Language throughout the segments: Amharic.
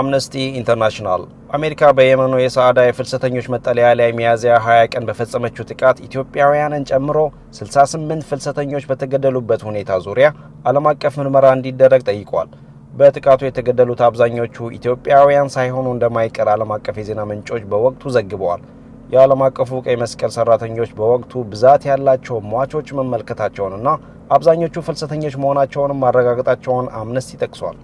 አምነስቲ ኢንተርናሽናል አሜሪካ በየመኑ የሰዓዳ የፍልሰተኞች መጠለያ ላይ ሚያዝያ 20 ቀን በፈጸመችው ጥቃት ኢትዮጵያውያንን ጨምሮ 68 ፍልሰተኞች በተገደሉበት ሁኔታ ዙሪያ ዓለም አቀፍ ምርመራ እንዲደረግ ጠይቋል። በጥቃቱ የተገደሉት አብዛኞቹ ኢትዮጵያውያን ሳይሆኑ እንደማይቀር ዓለም አቀፍ የዜና ምንጮች በወቅቱ ዘግበዋል። የዓለም አቀፉ ቀይ መስቀል ሰራተኞች በወቅቱ ብዛት ያላቸው ሟቾች መመልከታቸውንና አብዛኞቹ ፍልሰተኞች መሆናቸውንም ማረጋገጣቸውን አምነስቲ ጠቅሷል።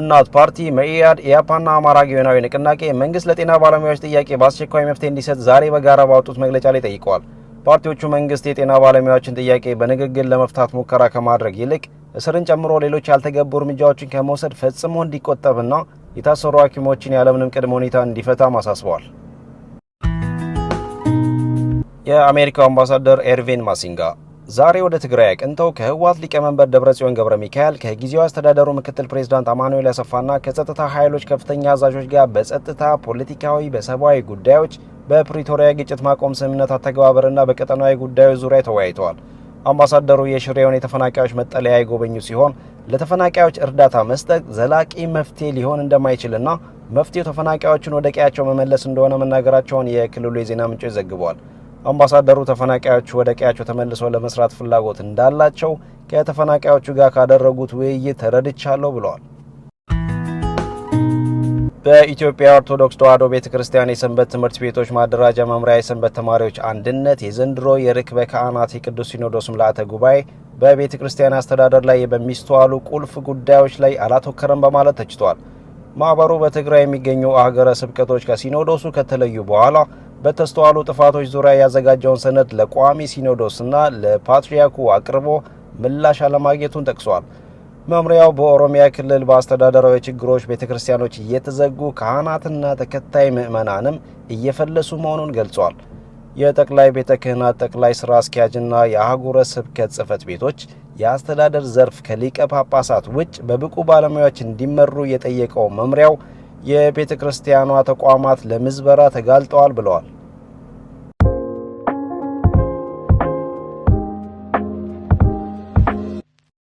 እናት ፓርቲ፣ መኢአድ፣ ኢያፓና አማራ ጊዮናዊ ንቅናቄ መንግስት ለጤና ባለሙያዎች ጥያቄ በአስቸኳይ መፍትሄ እንዲሰጥ ዛሬ በጋራ ባወጡት መግለጫ ላይ ጠይቀዋል። ፓርቲዎቹ መንግስት የጤና ባለሙያዎችን ጥያቄ በንግግር ለመፍታት ሙከራ ከማድረግ ይልቅ እስርን ጨምሮ ሌሎች ያልተገቡ እርምጃዎችን ከመውሰድ ፈጽሞ እንዲቆጠብና የታሰሩ ሐኪሞችን ያለምንም ቅድመ ሁኔታ እንዲፈታም አሳስበዋል። የአሜሪካው አምባሳደር ኤርቪን ማሲንጋ ዛሬ ወደ ትግራይ አቅንተው ከህወሓት ሊቀመንበር ደብረጽዮን ገብረ ሚካኤል ከጊዜው አስተዳደሩ ምክትል ፕሬዚዳንት አማኑኤል አሰፋና ከጸጥታ ኃይሎች ከፍተኛ አዛዦች ጋር በጸጥታ ፖለቲካዊ፣ በሰብአዊ ጉዳዮች በፕሪቶሪያ ግጭት ማቆም ስምምነት አተገባበርና በቀጠናዊ ጉዳዮች ዙሪያ ተወያይተዋል። አምባሳደሩ የሽሬውን የተፈናቃዮች መጠለያ የጎበኙ ሲሆን ለተፈናቃዮች እርዳታ መስጠት ዘላቂ መፍትሄ ሊሆን እንደማይችልና መፍትሄው ተፈናቃዮችን ወደ ቀያቸው መመለስ እንደሆነ መናገራቸውን የክልሉ የዜና ምንጮች ዘግበዋል። አምባሳደሩ ተፈናቃዮች ወደ ቀያቸው ተመልሰው ለመስራት ፍላጎት እንዳላቸው ከተፈናቃዮቹ ጋር ካደረጉት ውይይት ተረድቻለሁ ብለዋል። በኢትዮጵያ ኦርቶዶክስ ተዋሕዶ ቤተ ክርስቲያን የሰንበት ትምህርት ቤቶች ማደራጃ መምሪያ የሰንበት ተማሪዎች አንድነት የዘንድሮ የርክበ ካህናት የቅዱስ ሲኖዶስ ምልአተ ጉባኤ በቤተ ክርስቲያን አስተዳደር ላይ በሚስተዋሉ ቁልፍ ጉዳዮች ላይ አላተኮረም በማለት ተችቷል። ማህበሩ በትግራይ የሚገኙ አህገረ ስብከቶች ከሲኖዶሱ ከተለዩ በኋላ በተስተዋሉ ጥፋቶች ዙሪያ ያዘጋጀውን ሰነድ ለቋሚ ሲኖዶስና ለፓትርያርኩ አቅርቦ ምላሽ አለማግኘቱን ጠቅሷል። መምሪያው በኦሮሚያ ክልል በአስተዳደራዊ ችግሮች ቤተ ክርስቲያኖች እየተዘጉ ካህናትና ተከታይ ምዕመናንም እየፈለሱ መሆኑን ገልጿል። የጠቅላይ ቤተ ክህናት ጠቅላይ አስኪያጅ አስኪያጅና የአህጉረ ስብከት ጽህፈት ቤቶች የአስተዳደር ዘርፍ ከሊቀ ጳጳሳት ውጭ በብቁ ባለሙያዎች እንዲመሩ የጠየቀው መምሪያው የቤተ ክርስቲያኗ ተቋማት ለምዝበራ ተጋልጠዋል ብለዋል።